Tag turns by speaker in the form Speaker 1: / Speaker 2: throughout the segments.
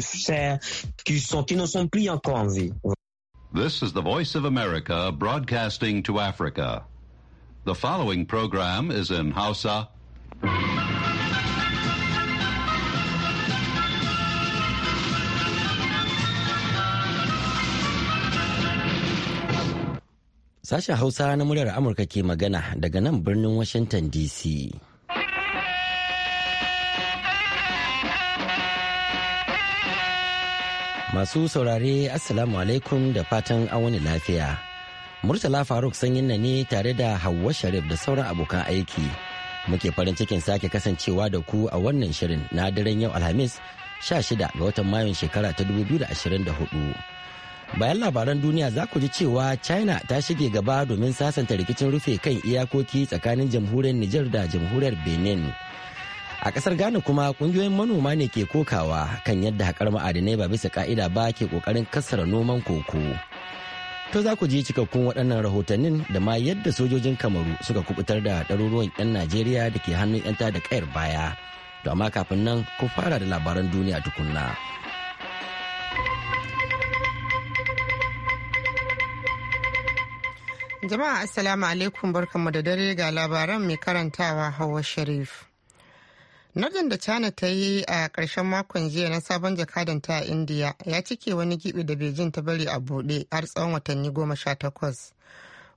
Speaker 1: chers
Speaker 2: qui sont, qui ne sont plus encore en vie. This is the Voice of America broadcasting to Africa. The following program is in Hausa.
Speaker 1: Sashen Hausa na muryar Amurka ke magana daga nan birnin Washington DC. Masu saurare Assalamu alaikum da fatan an wani lafiya. Murtala Faruk sanyin na ne tare da Hauwa Sharif da sauran abokan aiki. Muke farin cikin sake kasancewa da ku a wannan shirin na daren yau Alhamis 16 ga watan Mayun shekara ta 2024. Bayan labaran duniya za ku ji cewa China ta shige gaba domin sasanta rikicin rufe kan iyakoki tsakanin jamhuriyar Nijar da jamhuriyar Benin. A kasar Ghana kuma kungiyoyin manoma ne ke kokawa kan yadda haƙar ma'adinai ba bisa ka'ida ba ke ƙoƙarin kassara noman koko. To za ku ji cikakkun waɗannan rahotannin da ma yadda sojojin Kamaru suka kubutar da ɗaruruwan 'yan Najeriya da ke hannun 'yanta da ƙayar baya. To amma kafin nan ku fara da labaran duniya tukunna.
Speaker 2: Jama'a Assalamu alaikum barkanmu da dare ga labaran mai karantawa Hawa Sharif. Nodin da China ta yi a ƙarshen makon jiya na sabon jakadan a India ya cike wani gibi da Beijing ta bari a buɗe har tsawon watanni goma sha takwas.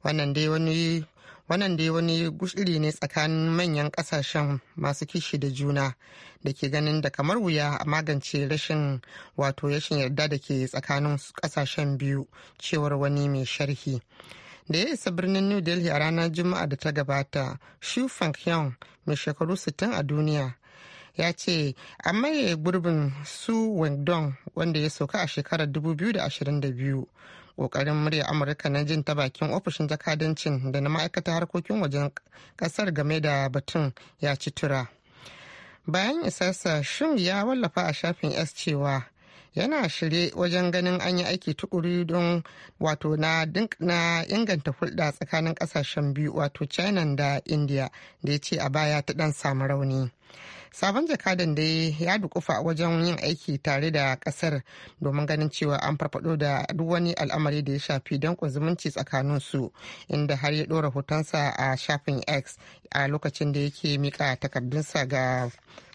Speaker 2: Wannan dai wani gushiri ne tsakanin manyan kasashen masu kishi da juna da ke ganin da kamar wuya a magance rashin wato rashin yarda da ke tsakanin kasashen biyu cewar wani mai sharhi. da ya isa birnin new delhi a ranar juma'a da ta gabata shu fang mai shekaru 60 a duniya ya ce a maye gurbin su wendong wanda ya soka a shekarar 2022 kokarin murya amurka na jin ta bakin ofishin jakadancin da na ma'aikata harkokin wajen kasar game da batun ya ci tura bayan isarsa shin ya wallafa a shafin s cewa yana shirye wajen ganin an yi aiki tukuri don wato na, inganta hulɗa tsakanin ƙasashen biyu wato china da india da ya ce a baya ta ɗan samu rauni sabon jakadan dai ya dukufa wajen yin aiki tare da kasar domin ganin cewa an farfado da duk wani al'amari da ya shafi dankon zumunci tsakanin su inda har ya dora hotonsa a shafin x a lokacin da yake mika takardunsa ga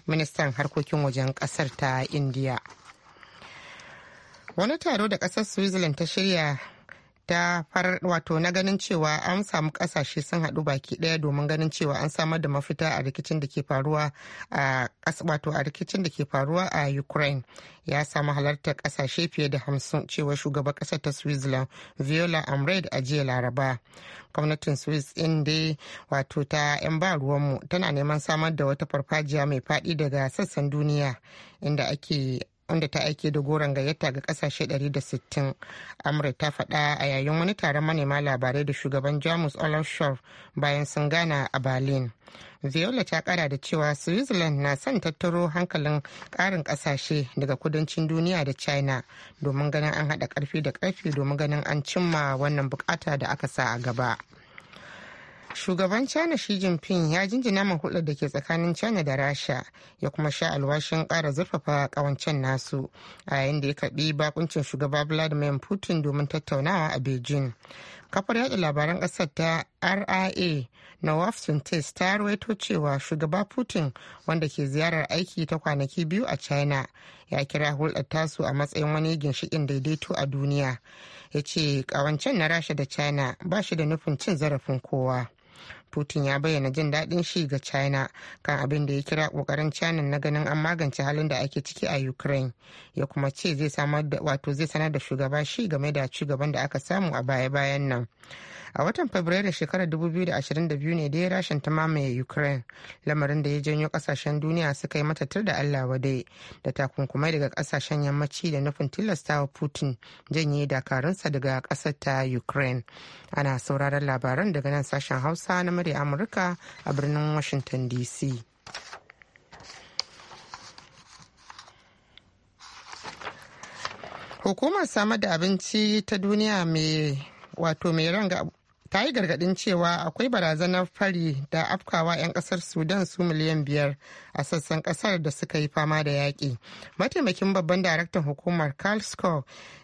Speaker 2: ministan harkokin wajen kasar ta indiya wani taro da kasar switzerland ta shirya ta farar wato na ganin cewa an samu kasashe sun haɗu baki ɗaya domin ganin cewa an samar da mafita a rikicin da ke faruwa a wato a rikicin da ke faruwa a ukraine ya samu halartar kasashe fiye da hamsin cewa shugaban ƙasar ta switzerland viola amred a jiya laraba gwamnatin swiss in dai wato ta 'yan ba ruwanmu tana neman samar da wata farfajiya mai faɗi daga sassan duniya inda ake wanda ta aike da goron gayyata ga kasashe 160 amurka ta faɗa a yayin wani taron manema labarai da shugaban jamus olaf shor bayan sun gana a berlin viola ta kara da cewa switzerland na son tattaro hankalin karin kasashe daga kudancin duniya da china domin ganin an haɗa ƙarfi da ƙarfi domin ganin an cimma wannan bukata da aka sa a gaba. shugaban china shi jinping ya jinjina naman hulɗar da ke tsakanin china da rasha ya kuma sha alwashin kara zurfafa ƙawancen nasu a yayin da ya kaɗi bakuncin shugaba vladimir putin domin tattaunawa a beijing kafar yaɗa labaran ƙasar ta ria nawaf suntes ta ruwaito cewa shugaba putin wanda ke ziyarar aiki ta kwanaki biyu a china ya kira hulɗar tasu a matsayin wani ginshiƙin daidaito a duniya ya ce ƙawancen na rasha da china ba shi da nufin cin zarafin kowa putin ya bayyana jin daɗin shi ga china kan abin da ya kira ƙoƙarin china na ganin an magance halin da ake ciki a ukraine ya kuma ce zai samar da wato zai sanar da shugaba shi game da ci gaban da aka samu a baya-bayan nan a watan fabrairu shekarar 2022 ne dai rashin ta mamaye ukraine lamarin da ya janyo kasashen duniya suka yi mata da allah wadai da takunkumai daga kasashen yammaci da nufin tilastawa putin janye dakarunsa daga kasar ta ukraine ana sauraron labaran daga nan sashen hausa na murya amurka a birnin washington dc hukumar samar da abinci ta duniya mai wato mai ranga ta yi gargadin cewa akwai barazanar fari da afkawa 'yan kasar sudan su miliyan biyar a sassan kasar da suka yi fama da yaƙi mataimakin babban daraktan hukumar carl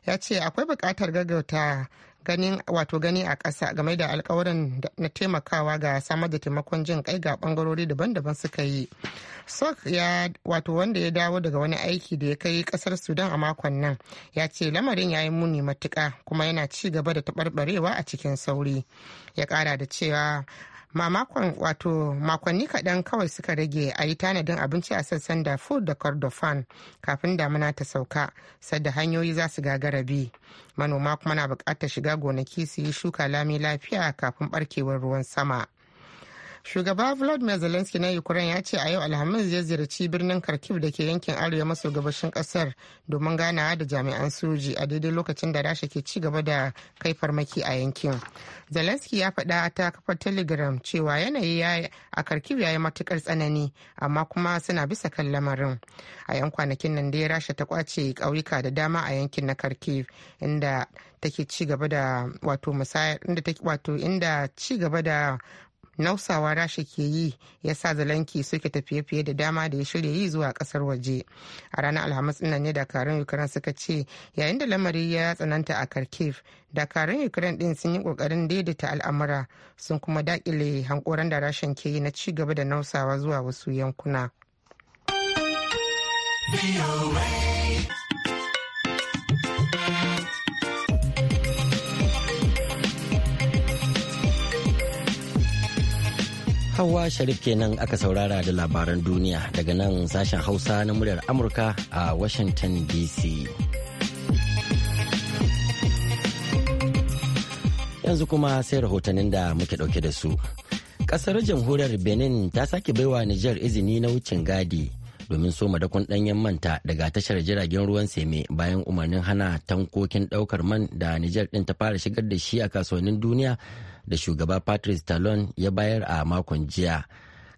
Speaker 2: ya ce akwai buƙatar gaggauta ganin wato gani a ƙasa game da alkawarin na taimakawa ga samar da taimakon jin kai ga bangarori daban-daban suka yi sok ya wato wanda ya dawo daga wani aiki da ya kai kasar sudan a makon nan ya ce lamarin ya yi muni matuka kuma yana ci gaba da taɓarɓarewa a cikin sauri ya ƙara da cewa mamakon wato makonni kaɗan kawai suka rage a yi tanadin abinci a sassan da food da kordofan kafin damuna ta sauka sadda hanyoyi za su gagara bi manoma kuma na buƙatar shiga gonaki su yi shuka lami lafiya kafin barkewar ruwan sama shugaba vladimir zelensky na ukraine ya ce a yau alhamis ya ziyarci birnin kharkiv da ke yankin arewa maso gabashin kasar domin ganawa da jami'an soji a daidai lokacin da rasha ke ci gaba da kai farmaki a yankin zelensky ya faɗa ta kafar telegram cewa yanayi a kharkiv ya yi matukar tsanani amma kuma suna bisa kan lamarin a yan kwanakin nan dai rasha ta kwace ƙauyuka da dama a yankin na kharkiv inda take ci gaba da wato inda take wato inda ci gaba da nausawa rasha ke yi ya sa zelenki suke tafiye-fiye da dama da ya shirya yi zuwa kasar waje a ranar alhamis dinnan ne dakarun ukraine suka ce yayin da lamari ya tsananta a kharkiv dakarun ukraine din sun yi kokarin daidaita al'amura sun kuma daƙile hankoran da rashin ke yi na ci gaba da nausawa zuwa wasu yankuna.
Speaker 1: Hawa Sharif kenan aka saurara da labaran duniya daga nan sashen Hausa na muryar Amurka a Washington DC. Yanzu kuma sai rahotannin da muke dauke da su. Kasar jamhuriyar Benin ta sake baiwa Nijar izini na wucin gadi domin so madakun danyen manta daga tashar jiragen ruwan seme bayan umarnin hana tankokin daukar man da Nijar din ta fara shigar da shi a kasuwannin duniya da shugaba patrice talon ya bayar a makon jiya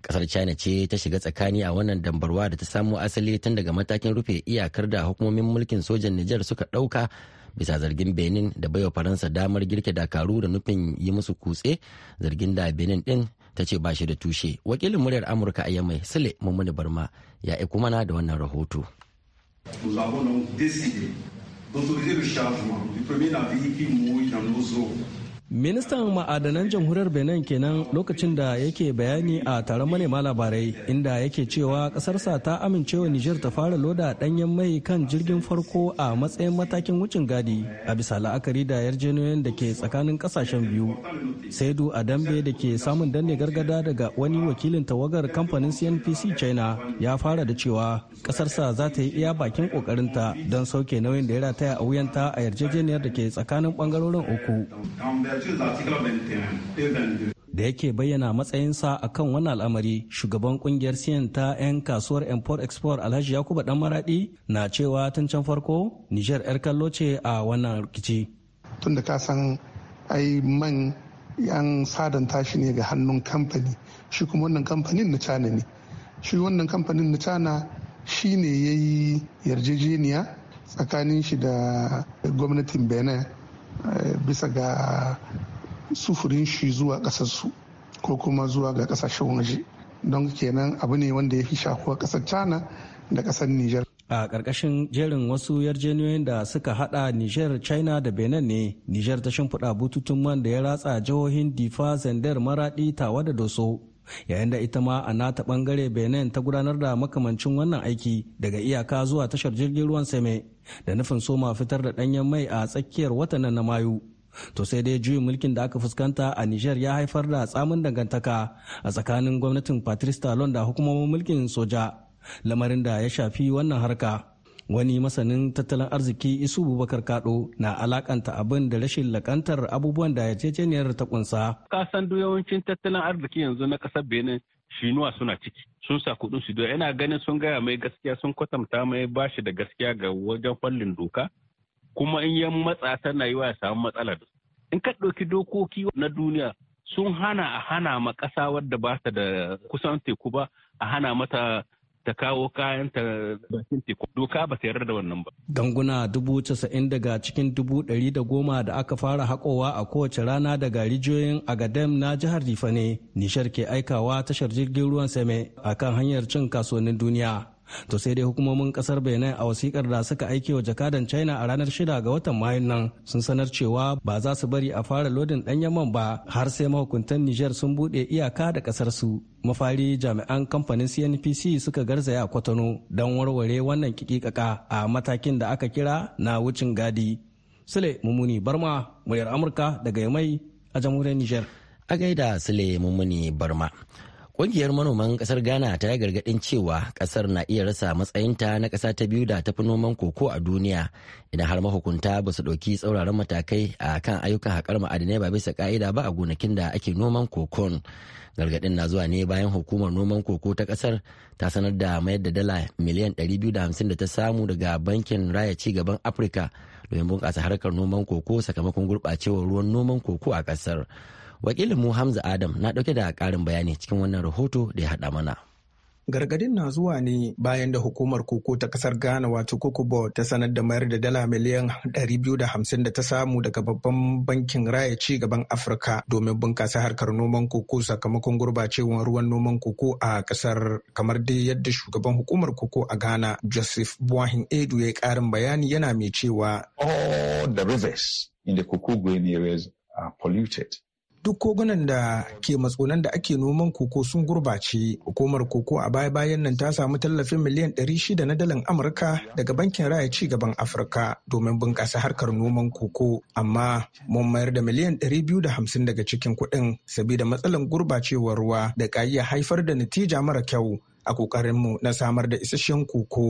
Speaker 1: kasar china ce ta shiga tsakani a wannan dambarwa da ta samo asali tun daga matakin rufe iyakar da hukumomin mulkin sojan nijar suka ɗauka bisa zargin benin da baiwa faransa damar girke dakaru da nufin yi musu kutse zargin da benin din ta ce ba shi da tushe wakilin muryar amurka a mai sule mummuni barma ya aiko mana da wannan rahoto
Speaker 3: Nous avons donc
Speaker 4: décidé d'autoriser le chargement du premier navire qui mouille dans nos eaux
Speaker 5: Ministan ma'adanan jamhuriyar Benin kenan lokacin da yake bayani a taron manema labarai inda yake cewa kasarsa ta amincewa niger ta fara loda danyen mai kan jirgin farko a matsayin matakin wucin gadi a bisa la'akari da yarjejeniyoyin da ke tsakanin kasashen biyu. Saidu Adambe da ke samun danne gargada daga wani wakilin tawagar kamfanin CNPC China ya fara da cewa kasarsa za ta yi iya bakin kokarinta don sauke nauyin da ya rataya a wuyanta a yarjejeniyar da ke tsakanin bangarorin uku. da yake bayyana matsayinsa a kan wannan al'amari shugaban kungiyar siyan ta 'yan kasuwar import export alhaji yakuba dan maradi na cewa tun can farko nijar 'yar kallo ce a wannan rikici tun da ka san ai man
Speaker 4: yan sadan tashi ne ga hannun kamfani shi kuma wannan kamfanin na cana ne shi wannan kamfanin na cana shi ne ya yi yarjejeniya tsakanin shi da gwamnatin benin Eh, bisa ga sufurin shi zuwa ƙasarsu ko kuma zuwa ga kasashen waje don kenan
Speaker 5: abu ne wanda ya fi shafuwa ƙasar china da ƙasar niger a ƙarƙashin jerin wasu yarjejeniyoyin da suka hada niger china da benin ne niger ta shimfiɗa bututun man da ya ratsa jihohin difa zandar maraɗi tawa da doso yayin da ita ma a nata bangare benin ta gudanar da makamancin wannan aiki daga iyaka zuwa tashar jirgin ruwan seme da nufin soma fitar da danyen mai a tsakiyar watan na mayu to sai dai juyin mulkin da aka fuskanta a niger ya haifar da tsamin dangantaka a tsakanin gwamnatin patrice talon da hukumomin mulkin soja lamarin da ya shafi wannan harka wani masanin tattalin arziki isu bubakar kado na alakanta abin da rashin lakantar abubuwan da yarjejeniyar ta kunsa
Speaker 4: kasan yawancin tattalin arziki yanzu na kasar benin shinuwa suna ciki sun sa kudin su yana ganin sun gaya mai gaskiya sun kwatanta mai bashi da gaskiya ga wajen fallin doka kuma in yan matsa tana yi wa ya samu matsala in ka ɗauki dokoki na duniya sun hana a hana ma ƙasa wadda ba ta da kusan teku ba a hana mata ta kawo kayan ta bakin teku doka ba ta yarda da wannan ba.
Speaker 5: Ganguna dubu casa'in daga cikin dubu ɗari da goma da aka fara haƙowa a kowace rana daga rijiyoyin Agadem na jihar Rifa ne, Nishar ke aikawa tashar jirgin ruwan same a kan hanyar cin kasuwannin duniya. to sai dai hukumomin kasar benin a wasikar da suka aiki wa jakadan china a ranar shida ga watan mayun nan sun sanar cewa ba za su bari a fara lodin danyen man ba har sai mahukuntan niger sun bude iyaka da kasar su mafari jami'an kamfanin cnpc suka garzaya kwatano don warware wannan kikikaka a matakin da aka kira na wucin gadi sule mumuni barma muryar amurka daga yamai a
Speaker 1: jamhuriyar niger a gaida sule mumuni barma Ƙungiyar manoman ƙasar Ghana ta yi gargadin cewa ƙasar na iya rasa matsayinta na kasa ta biyu da tafi noman koko a duniya idan har mahukunta ba su ɗauki tsauraran matakai a kan ayyukan haƙar ma'adinai ba bisa ƙa'ida ba a gonakin da ake noman kokon. gargadin na zuwa ne bayan hukumar noman koko ta kasar ta sanar da mayar da dala miliyan 250 da ta samu daga bankin raya ci gaban Afirka domin bunƙasa harkar noman koko sakamakon gurɓacewar ruwan noman koko a ƙasar. wakilin mu hamza adam na dauke da karin bayani cikin wannan rahoto da ya haɗa mana
Speaker 6: Gargadin na zuwa ne bayan da hukumar koko ta kasar Ghana wato Kokobo ta sanar da mayar da dala miliyan 250 da ta samu daga babban bankin raya ci gaban Afirka domin bunkasa harkar noman koko sakamakon gurbacewar ruwan noman koko a kasar kamar dai yadda shugaban hukumar koko a Ghana Joseph Boahin Edu ya yi karin bayani yana mai cewa
Speaker 7: all the rivers in the areas are polluted
Speaker 6: duk kogunan da ke matsunan da ake noman koko sun gurbace hukumar koko a baya bayan nan ta samu tallafin miliyan 600 na dalan amurka daga bankin raya ci gaban afirka domin bunƙasa harkar noman koko amma mun mayar da miliyan 250 daga cikin kuɗin sabida matsalan gurbacewar ruwa da ka haifar da natija mara kyau a kokarinmu na samar da isasshen koko.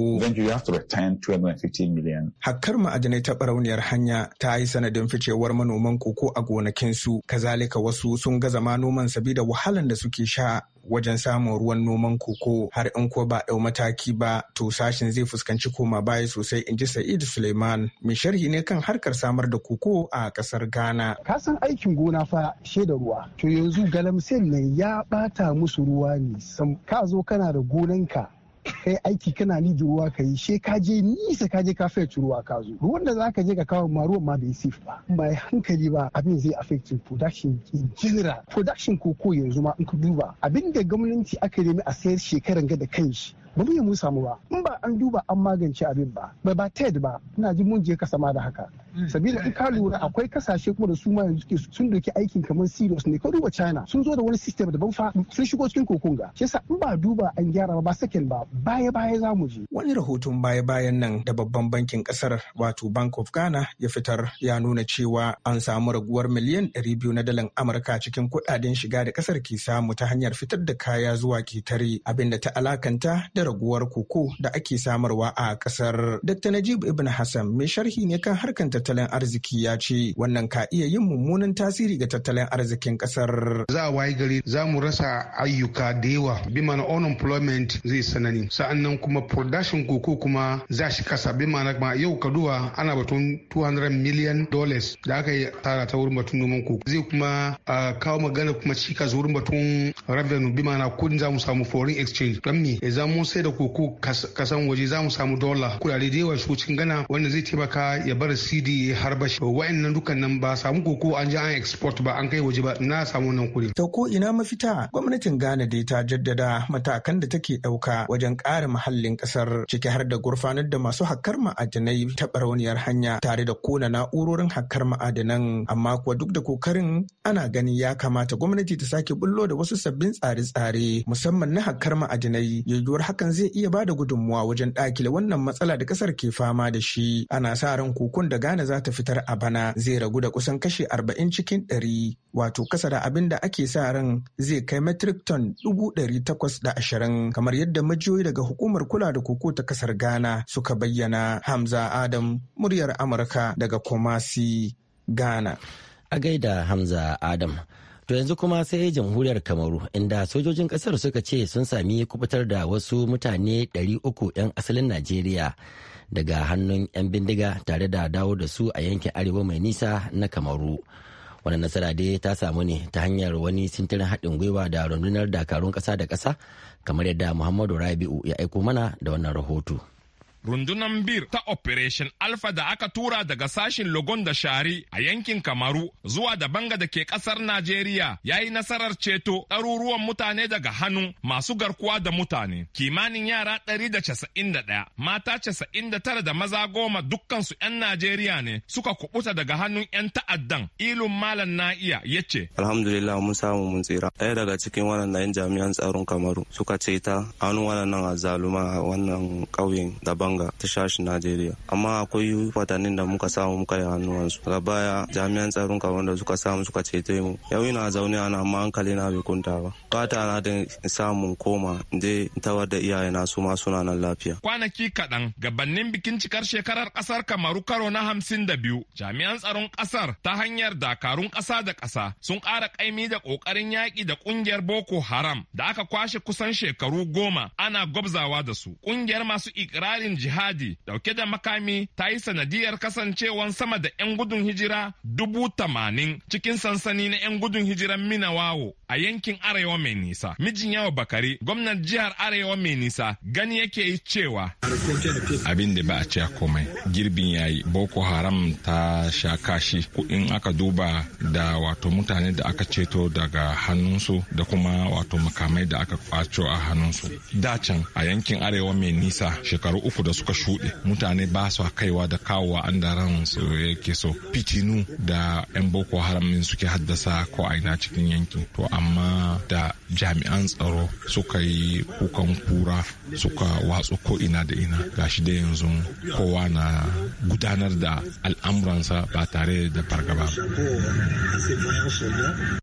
Speaker 6: Hakkar ma'adanai ta barauniyar hanya ta yi sanadin ficewar manoman koko a gonakinsu, kazalika wasu sun gaza ma noman sabida wahalan da suke sha wajen samun ruwan noman koko har in ko ba ɗau mataki ba to sashen zai fuskanci koma baya sosai in ji Sa'idu Suleiman mai sharhi ne kan harkar samar da koko a ƙasar Ghana.
Speaker 4: Ka san aikin gona fa shaida ruwa. To yanzu galamsin nan ya ɓata musu ruwa ne. sam Ka zo kana da gonanka kai aiki kana ni da ruwa ka yi she ka je nisa ka je ka fetu ruwa ka zo ruwan da zaka je ka kawo ma ruwan ma bai safe ba mai hankali ba abin zai affect production in general production koko yanzu ma in ku duba abin da gwamnati aka nemi a sayar shekaran ga da kanshi ba mu yi mu samu ba in ba an duba an magance abin ba ba ba ted ba ina ji mun je ka sama da haka Mm. sabida in ka lura akwai kasashe kuma da su ma yanzu sun doki aikin kamar serious ne ka duba china sun zo da wani system daban fa sun shigo cikin kokunga shi yasa in ba duba an gyara ba ba ba baya baya za mu je
Speaker 6: wani rahoton baya bayan nan da babban bankin kasar wato bank of ghana ya fitar ya nuna cewa an samu raguwar miliyan 200 na dalan amurka cikin kudaden shiga da kasar ke samu ta hanyar fitar da kaya zuwa ketare abinda ta alakanta da raguwar koko da ake samarwa a kasar dr najib ibn hassan mai sharhi ne kan harkar tattalin arziki ya ce wannan ka iya yin mummunan tasiri ga tattalin arzikin kasar. Za a waye gari za mu rasa ayyuka da yawa bi mana unemployment
Speaker 4: zai sanani sa'annan kuma production koko kuma za shi kasa bi mana ma yau kaduwa ana batun 200 million dollars da aka yi tara ta wurin batun noman koko zai kuma kawo magana kuma cikas wurin batun revenue bi mana kudin za mu samu foreign exchange don me za mu sai da koko kasan waje za mu samu dollar kudade da yawa shi gana wanda zai
Speaker 6: taimaka ya bar cd didi har bashi dukkanin ba samu koko an ji an export ba an kai waje ba na samu nan kuri to ko ina mafita gwamnatin Ghana dai ta jaddada matakan da take dauka wajen ƙara muhallin kasar ciki har da gurfanar da masu hakkar ma'adinai ta barauniyar hanya tare da kona na'urorin hakkar ma'adinan. amma kuwa duk da kokarin ana gani ya kamata gwamnati ta sake bullo da wasu sabbin tsare-tsare musamman na hakkar ma'adinai yiwuwar hakan zai iya bada gudunmuwa wajen dakile wannan matsala da kasar ke fama da shi ana sa ran kukun da Ghana Ghana za ta fitar a bana zai ragu da kusan kashi 40 cikin 100 wato kasa da abin da ake sa ran zai kai metric ton 820 kamar yadda majiyoyi daga hukumar kula da koko ta kasar Ghana suka bayyana Hamza Adam
Speaker 1: muryar Amurka daga Kumasi Ghana. A gaida Hamza Adam. To yanzu kuma sai jamhuriyar Kamaru inda sojojin kasar suka ce sun sami kubutar da wasu mutane 300 'yan asalin Najeriya daga hannun 'yan bindiga tare da dawo da su a yankin arewa mai nisa na kamaru wani nasara dai ta samu ne ta hanyar wani sintirin haɗin gwiwa da rundunar dakarun ƙasa da ƙasa kamar yadda muhammadu rabi'u ya aiko mana da wannan rahoto.
Speaker 8: rundunar bir ta operation alpha da aka tura daga sashin logon da shari a yankin kamaru zuwa da banga da ke kasar najeriya ya yi nasarar ceto ɗaruruwan mutane daga hannu masu garkuwa da mutane kimanin yara 191 mata 99 da maza goma dukkansu 'yan najeriya ne suka kubuta daga hannun 'yan ta'addan ilun malam na'iya ya ce
Speaker 5: alhamdulillah mun samu mun tsira ɗaya daga cikin waɗannan jami'an tsaron kamaru suka ce ta hannun waɗannan a wannan ƙauyen daban banga ta shashin najeriya amma akwai watannin da muka samu muka yi hannuwansu daga baya jami'an tsaron kamar da suka samu suka ceto mu yau ina zaune ana amma hankali na bai kunta ba fata na da samun koma je tawar da iyayena su ma suna nan lafiya
Speaker 8: kwanaki kaɗan gabanin bikin cikar shekarar ƙasar kamaru karo na hamsin da biyu jami'an tsaron ƙasar ta hanyar dakarun ƙasa da ƙasa sun kara kaimi da ƙoƙarin yaƙi da ƙungiyar boko haram da aka kwashe kusan shekaru goma ana gwabzawa da su ƙungiyar masu ikirarin jihadi dauke da makami ta yi sanadiyar kasancewan sama da 'yan gudun hijira dubu tamanin cikin sansani na 'yan gudun hijiran Minawawo a yankin Arewa mai nisa. Mijin yawa Bakari, gwamnan jihar Arewa mai nisa, gani yake yi cewa. Abin da ba a ce komai, girbin yayi Boko Haram ta sha kashi kuɗin aka duba da wato mutane da aka ceto daga hannunsu da kuma wato makamai da aka kwaco a hannunsu. Dacin a yankin Arewa mai nisa shekaru uku da suka shuɗe mutane ba su kaiwa da kawowa an da ran su yake so fitinu da 'yan boko haramin suke haddasa ko aina cikin yankin to amma da jami'an tsaro suka yi kukan kura suka watsu ko ina da ina gashi da yanzu kowa na gudanar da al'amuransa ba tare da fargaba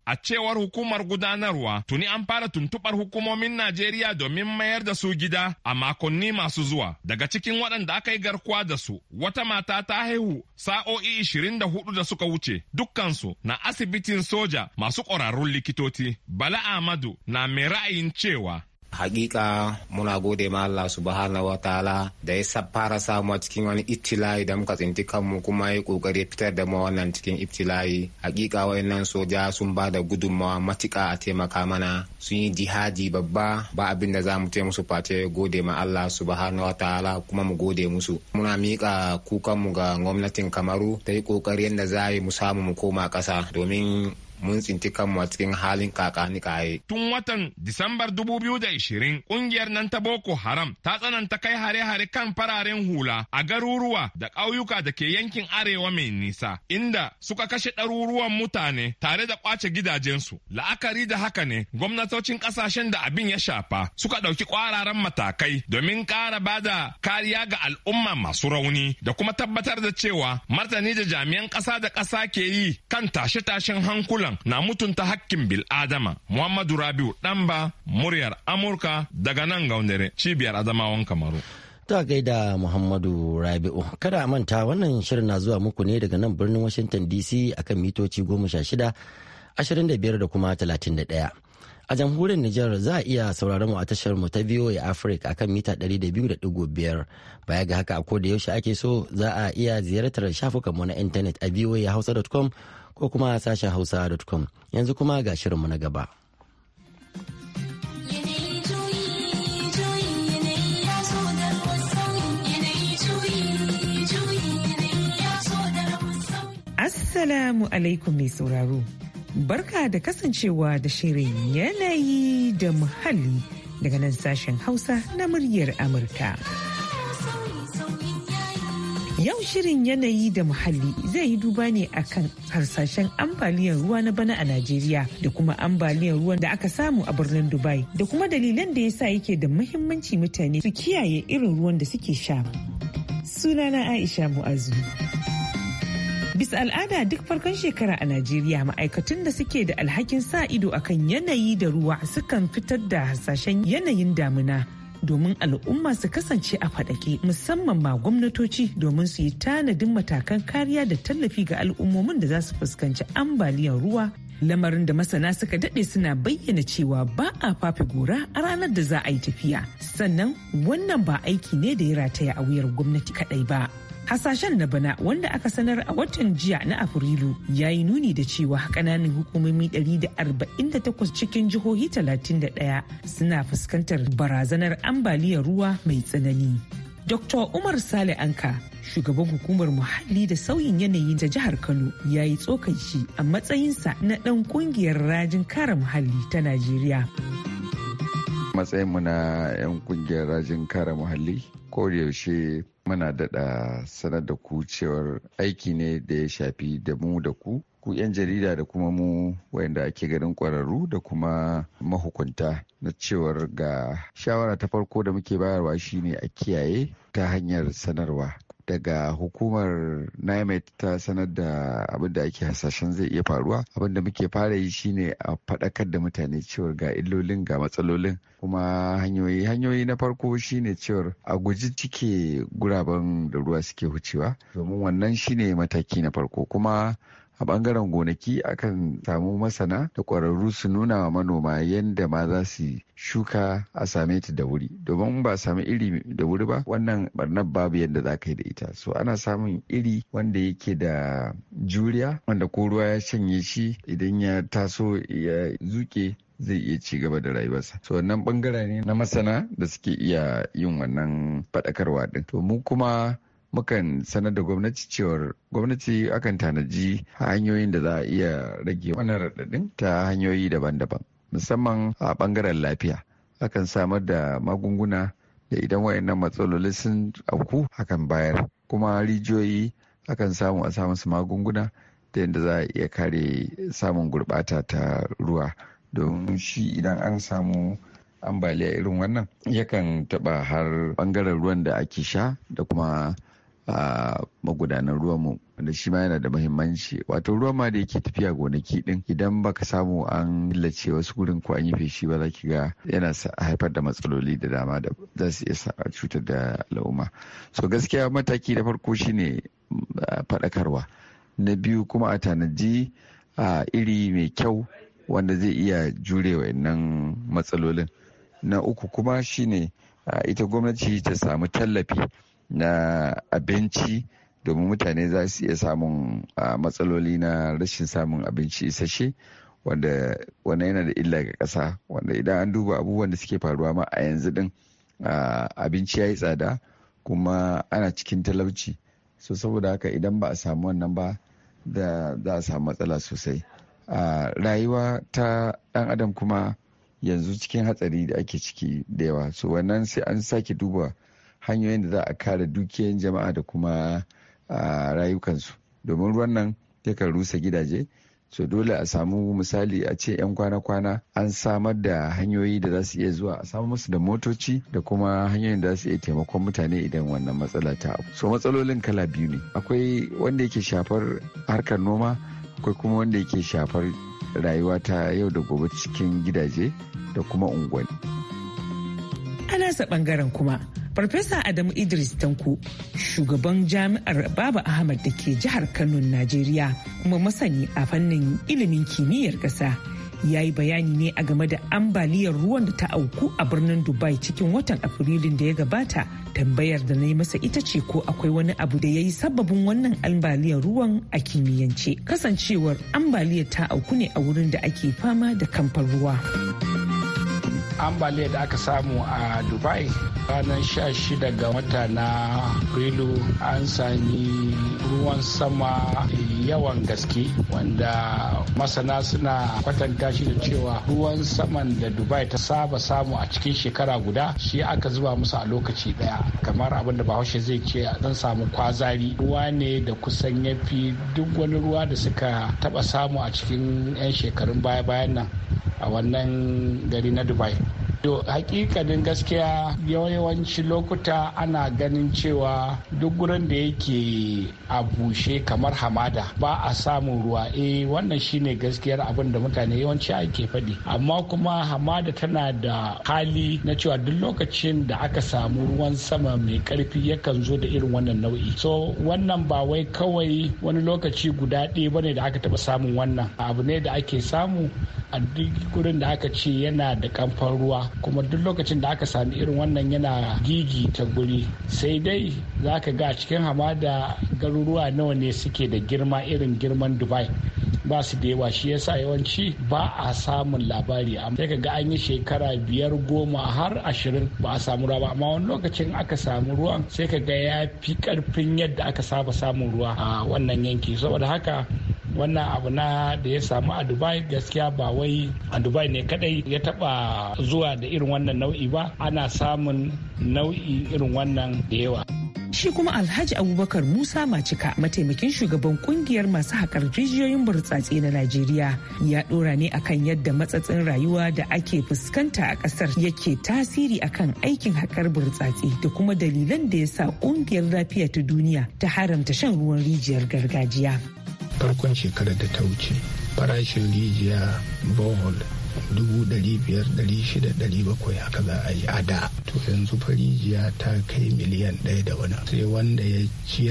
Speaker 8: a cewar hukumar gudanarwa tuni an fara tuntubar hukumomin najeriya domin mayar da su gida a makonni masu zuwa daga cikin waɗanda aka yi garkuwa da su wata mata ta haihu sa'o'i hudu da suka wuce dukkansu na asibitin soja masu ƙwararrun likitoci. Bala Ahmadu na mai ra'ayin cewa hakika
Speaker 4: muna gode ma Allah subhanahu wataala da ya fara samu a cikin wani ibtila'i da muka tsinci kanmu kuma ya kokari fitar da mu wannan cikin ibtila'i hakika wayannan soja sun ba da gudunmawa matuka a taimaka mana sun yi jihadi babba ba abin da za mu ce musu face gode ma Allah subhanahu wataala kuma mu gode musu muna miƙa mu ga gwamnatin Kamaru ta yi kokari yadda za mu samu mu koma ƙasa domin mun tsinci kanmu a cikin halin kakani kaye.
Speaker 8: Tun watan Disambar 2020 kungiyar nan ta Boko Haram ta tsananta kai hare-hare kan fararen hula a garuruwa da ƙauyuka da ke yankin arewa mai nisa inda suka kashe ɗaruruwan mutane tare da ƙwace gidajensu. La'akari da haka ne gwamnatocin ƙasashen da abin ya shafa suka ɗauki ƙwararan matakai domin ƙara bada kariya ga al'umma masu rauni da kuma tabbatar da cewa martani da jami'an ƙasa da ƙasa ke yi kan tashe-tashen hankulan na mutunta hakkin adama Muhammadu Rabiu Ɗanba muryar Amurka daga nan gaunare cibiyar Adamawan Kamaru.
Speaker 1: Ta gaida Muhammadu Rabi'u. Kada a manta wannan shirin na zuwa muku ne daga nan birnin Washington DC akan mitoci goma sha shida, ashirin da biyar da kuma talatin da ɗaya. A jamhuriyar Nijar za a iya sauraron mu a tashar mu ta VOA Africa akan mita ɗari da da 200.5 baya ga haka a ko da yaushe ake so za a iya ziyartar shafukanmu na intanet a voahausa.com ko kuma sashen hausa.com yanzu kuma ga shirinmu na gaba.
Speaker 9: Assalamu alaikum mai sauraro. Barka da kasancewa da shirin yanayi da muhalli daga nan sashen Hausa na muryar Amurka. Yau shirin yanayi da muhalli zai yi duba ne akan harsashen ambaliyar ruwa na bana a Najeriya da kuma ambaliyar ruwan da aka samu a birnin Dubai da kuma dalilan da sa yake da muhimmanci mutane su kiyaye irin ruwan da suke sha. Sunana Aisha Mu'azu. Bisa al'ada duk farkon shekara a Najeriya ma'aikatun da suke da alhakin sa ido akan yanayi da ruwa sukan fitar da hasashen yanayin damina domin al'umma su kasance a faɗake musamman ma gwamnatoci domin su yi tanadin matakan kariya da tallafi ga al'ummomin da za su fuskanci ambaliyar ruwa lamarin da masana suka daɗe suna bayyana cewa ba a fafe gora a ranar da za a yi tafiya sannan wannan ba aiki ne da ya rataya a wuyar gwamnati kaɗai ba Hasashen na bana wanda aka sanar a watan jiya na Afrilu ya yi nuni da cewa kananan hukumomi 148 cikin jihohi 31 suna fuskantar barazanar ambaliyar ruwa mai tsanani. Dr. Umar Sale Anka, shugaban hukumar muhalli da sauyin yanayi ta jihar Kano ya yi tsokaci a matsayinsa na ɗan ƙungiyar rajin kare muhalli ta Najeriya.
Speaker 7: matsayinmu na 'yan kungiyar rajin kare muhalli yaushe muna daɗa sanar da ku cewar aiki ne da ya shafi da mu da ku ku 'yan jarida da kuma mu wayanda ake ganin kwararru da kuma mahukunta na cewar ga shawara ta farko da muke bayarwa shine a kiyaye ta hanyar sanarwa daga hukumar NIMET ta sanar da abin da ake hasashen zai iya faruwa abin da muke fara yi shine a faɗakar da mutane cewar ga illolin ga matsalolin kuma hanyoyi hanyoyi na farko shine cewar a guji cike guraben da ruwa suke hucewa, domin wannan shine mataki na farko kuma a bangaren gonaki akan samu masana da kwararru su nuna wa manoma yadda ma za su shuka a same ta da wuri domin ba samu iri da wuri ba wannan barnar babu yadda za ka yi da ita so ana samun iri wanda yake da juriya wanda ko ruwa ya shanye shi idan ya taso ya zuke zai iya ci gaba da rayuwarsa so wannan bangare ne na masana da suke iya yin wannan faɗakarwa din to mu kuma mukan sanar da gwamnati cewar gwamnati akan tanaji hanyoyin da za a iya rage wannan raɗaɗin ta hanyoyi daban-daban musamman a ɓangaren lafiya akan samar da magunguna da idan wayannan matsaloli sun auku akan bayar kuma rijiyoyi akan samu a samu su magunguna da yadda za a iya kare samun gurɓata ta ruwa Domin shi idan an samu ambaliya irin wannan yakan taɓa har bangaren ruwan da ake sha da kuma a magudanan ruwanmu wanda shi ma yana da mahimmanci wato ruwan ma da yake tafiya gonaki din idan baka samu an lalace wasu gurin ko an yi feshi ba za ki ga yana haifar da matsaloli da dama da za su iya cutar da al'umma so gaskiya mataki da farko shine faɗakarwa na biyu kuma a tanaji a iri mai kyau wanda zai iya jure wa'annan matsalolin na uku kuma shine ita gwamnati ta samu tallafi na abinci domin mutane za su iya samun matsaloli na rashin samun abinci isasshe wanda wannan yana da illa ga ƙasa wanda idan an duba abubuwan da suke faruwa ma a yanzu din abinci ya yi tsada kuma ana cikin talauci so saboda haka idan ba a samu wannan ba da za a samu matsala sosai rayuwa ta ɗan adam kuma yanzu cikin hatsari da ake ciki da yawa so wannan sai an sake duba hanyoyin da za a kare dukiyoyin jama'a da kuma rayukansu domin ruwan nan yakan rusa gidaje so dole a samu misali a ce 'yan kwana-kwana an samar da hanyoyi da za su iya zuwa a samu musu da motoci da kuma hanyoyin da za su iya taimakon mutane idan wannan matsala ta abu so matsalolin kala biyu ne akwai wanda yake shafar harkar noma akwai kuma wanda yake shafar rayuwa ta yau da gobe cikin gidaje da kuma unguwanni.
Speaker 9: ana sa bangaren kuma Farfesa Adamu Idris Tanko, shugaban jami'ar Baba Ahmad da ke jihar Kano, Najeriya, kuma masani a fannin ilimin kimiyyar ƙasa. ya yi bayani ne a game da ambaliyar ruwan da ta auku a birnin dubai cikin watan afrilun da ya gabata tambayar da na yi masa ita ce ko akwai wani abu da ya yi sababin wannan ambaliyar ruwan a kimiyyance kasancewar ambaliyar ta auku ne a wurin da ake fama da kamfan ruwa.
Speaker 3: ambaliyar da aka samu a dubai ranar 16 ga wata na rilu an sami ruwan sama yawan gaske wanda masana suna kwatanta shi da cewa ruwan saman da dubai ta saba samu a cikin shekara guda shi aka zuba musu a lokaci daya kamar abinda bahaushe zai ce dan samu kwazari ruwa ne da kusan ya fi duk wani ruwa da suka taba samu a cikin 'yan shekarun baya-bayan nan a wannan gari na dubai hakikanin gaskiya yawanci lokuta ana ganin cewa duk gurin da yake a bushe kamar hamada ba a samun ruwa eh wannan shine gaskiyar abin da mutane yawanci ake faɗi amma kuma hamada tana da hali na cewa duk lokacin da aka samu ruwan sama mai karfi yakan zo da irin wannan nau'i so wannan ba wai kawai wani lokaci guda ɗaya bane da aka taɓa samun wannan abu ne da ake samu a duk gurin da aka ce yana da kamfan ruwa kuma duk lokacin da aka sami irin wannan yana gigi ta guri sai dai za ka ga cikin hamada garuruwa nawa ne suke da girma irin girman dubai ba su da yawa shi yasa yawanci ba a samun labari sai ka ga an yi shekara biyar goma har ashirin ba a samu ruwa ba amma wani lokacin aka samu ruwan sai ka ga ya fi karfin yadda aka saba samun ruwa a wannan yanki saboda haka wannan abu na da ya samu a dubai gaskiya ba wai a dubai ne kadai ya taba zuwa da irin wannan nau'i ba ana samun nau'i irin wannan da yawa
Speaker 9: shi kuma alhaji abubakar musa macika mataimakin shugaban kungiyar masu haƙar rijiyoyin burtsatse na najeriya ya ɗora ne akan yadda matsatsin rayuwa da ake fuskanta a ƙasar yake tasiri akan aikin haƙar burtsatse da kuma dalilan da ya sa ƙungiyar lafiya ta duniya ta haramta shan ruwan rijiyar gargajiya
Speaker 4: farkon shekarar da ta wuce farashin rijiya bohol 500,600,700 haka za a yi a da to yanzu farijiya ta kai miliyan ɗaya da wani sai wanda ya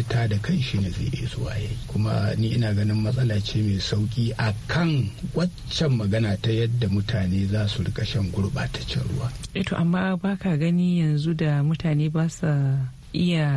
Speaker 4: ta da kan shi ne zai iya zuwa yi kuma ni ina ganin matsala ce mai sauki a kan waccan magana ta yadda mutane za su rika shan gurɓataccen ruwa.
Speaker 9: eto eh amma baka gani yanzu da mutane ba sa iya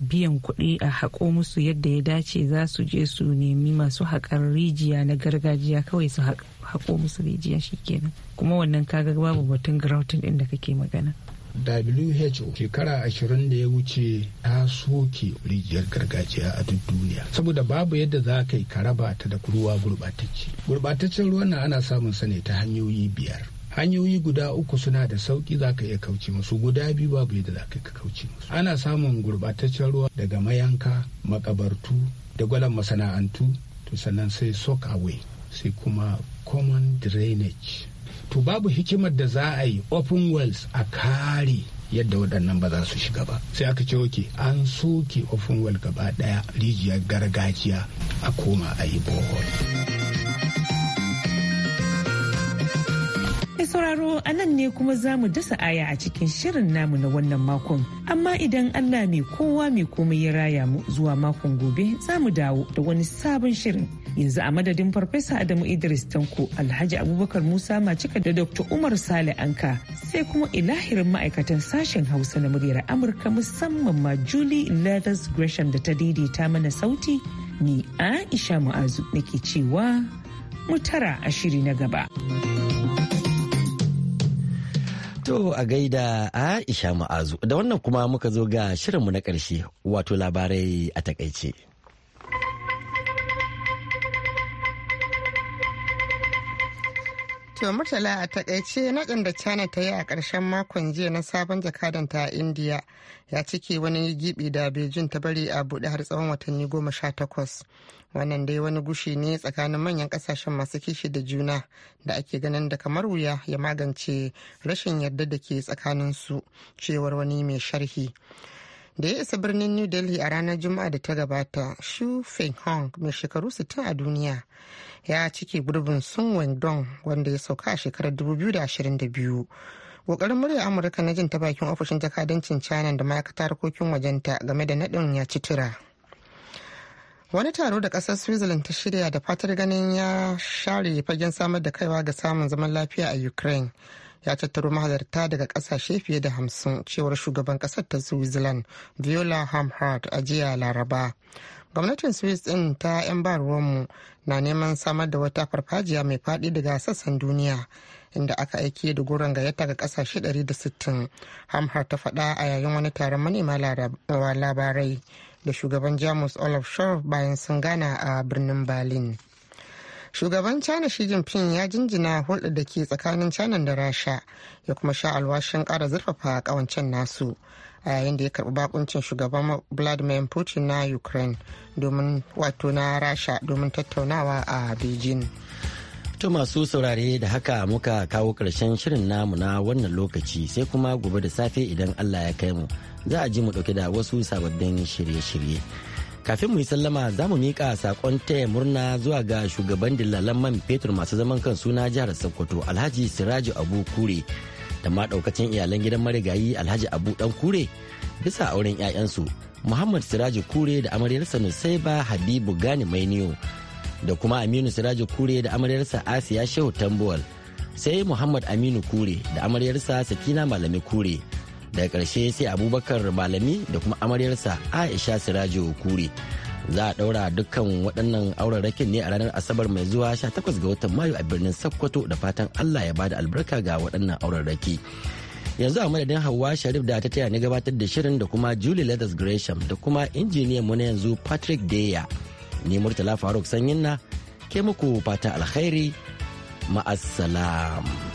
Speaker 9: biyan kuɗi a haƙo musu yadda ya dace za su je su nemi masu haƙar rijiya na gargajiya kawai su haƙo musu rijiya shi kenan kuma wannan kaga babu batun grouting ɗin da kake magana
Speaker 4: WHO shekara ashirin da ya wuce ta soke rijiyar gargajiya a duk duniya saboda babu yadda za ka yi ka ta da ruwa gurbatacce gurbataccen ruwan nan ana samun sa ne ta hanyoyi biyar hanyoyi guda uku suna da sauki za ka iya kauce musu guda biyu babu yadda za ka kauce musu ana samun gurbataccen ruwa daga mayanka makabartu da gwalan masana'antu to sannan sai soak away sai kuma common drainage to babu hikimar da za a yi open wells a kare yadda waɗannan ba za su shiga ba sai aka ce oke an soke open well gaba ɗaya rijiyar gargajiya a koma a yi bohol.
Speaker 9: Mai sauraro anan ne kuma za mu dasa aya a cikin shirin namu na wannan makon. Amma idan Allah mai kowa mai komai ya raya mu zuwa makon gobe za mu dawo da wani sabon shirin. Yanzu a madadin Farfesa Adamu Idris Tanko Alhaji Abubakar Musa Macika da Dr. Umar Sale Anka sai kuma ilahirin ma'aikatan sashen Hausa na muryar Amurka musamman ma Julie Lathers Gresham da ta daidaita mana sauti ni Aisha Mu'azu nake cewa mutara a shiri na gaba.
Speaker 1: To a gaida Aisha Ma'azu da wannan kuma muka zo ga shirinmu na ƙarshe wato labarai a takaice.
Speaker 2: To Murtala a takaice naɗin da China ta yi a ƙarshen makon jiya na sabon jakadanta a India ya cike wani gibi da Beijing ta bari a buɗe har tsawon watanni goma sha takwas. Wannan dai wani gushi ne tsakanin manyan ƙasashen masu kishi da juna da ake ganin da kamar wuya ya magance rashin yarda da ke tsakanin su cewar wani mai sharhi. da ya isa birnin new delhi a ranar juma'a da ta gabata shu feng hong mai shekaru 60 a duniya ya cike gurbin sun wendong wanda ya sauka a shekarar 2022 kokarin murya amurka na jin ta bakin ofishin jakadancin china da ma'aikatar harkokin wajenta game da naɗin ya ci tura wani taro da kasar switzerland ta shirya da fatar ganin ya share fagen samar da kaiwa ga samun zaman lafiya a ukraine ya tattaro mahalarta daga kasashe fiye da hamsin cewar shugaban kasar ta switzerland viola hamhart a jiya laraba gwamnatin swiss din ta 'yan mu na neman samar da wata farfajiya mai faɗi daga sassan duniya inda aka aiki da goron gayyata ga kasashe 160 hamhar ta faɗa a yayin wani taron manema labarai da shugaban jamus olaf scholz bayan sun gana a birnin berlin shugaban china shi jinping ya jinjina hulɗar da ke tsakanin china da rasha ya kuma sha alwashin ƙara zurfafa ƙawancen nasu a yayin da ya karɓi bakuncin shugaban vladimir putin na ukraine domin wato na rasha domin tattaunawa a beijing
Speaker 1: To masu saurare da haka muka kawo ƙarshen shirin namu na wannan lokaci sai kuma gobe da safe idan Allah ya kai mu za a ji mu ɗauke da wasu sababbin shirye-shirye. kafin mu yi sallama za mu miƙa saƙon taya murna zuwa ga shugaban dillalan man fetur masu zaman kan suna jihar sokoto alhaji siraju abu kure da ma daukacin iyalan gidan marigayi alhaji abu dan kure bisa auren 'ya'yansu muhammad siraju kure da amaryarsa nusaiba habibu gani mainiyo da kuma aminu siraju kure da amaryarsa asiya shehu tambuwal sai muhammad aminu kure da amaryarsa sakina malami kure daga ƙarshe sai abubakar malami da kuma amaryarsa aisha sirajo kure za a ɗaura dukkan waɗannan rakin ne a ranar asabar mai zuwa 18 ga watan mayu a birnin sokoto da fatan allah ya bada albarka ga waɗannan aurarraki yanzu a madadin hawa sharif da ta taya ni gabatar da shirin da kuma julie leathers gresham da kuma injiniyan mu na yanzu patrick deya ni murtala faruk sanyin na ke muku fata alkhairi ma'assalam.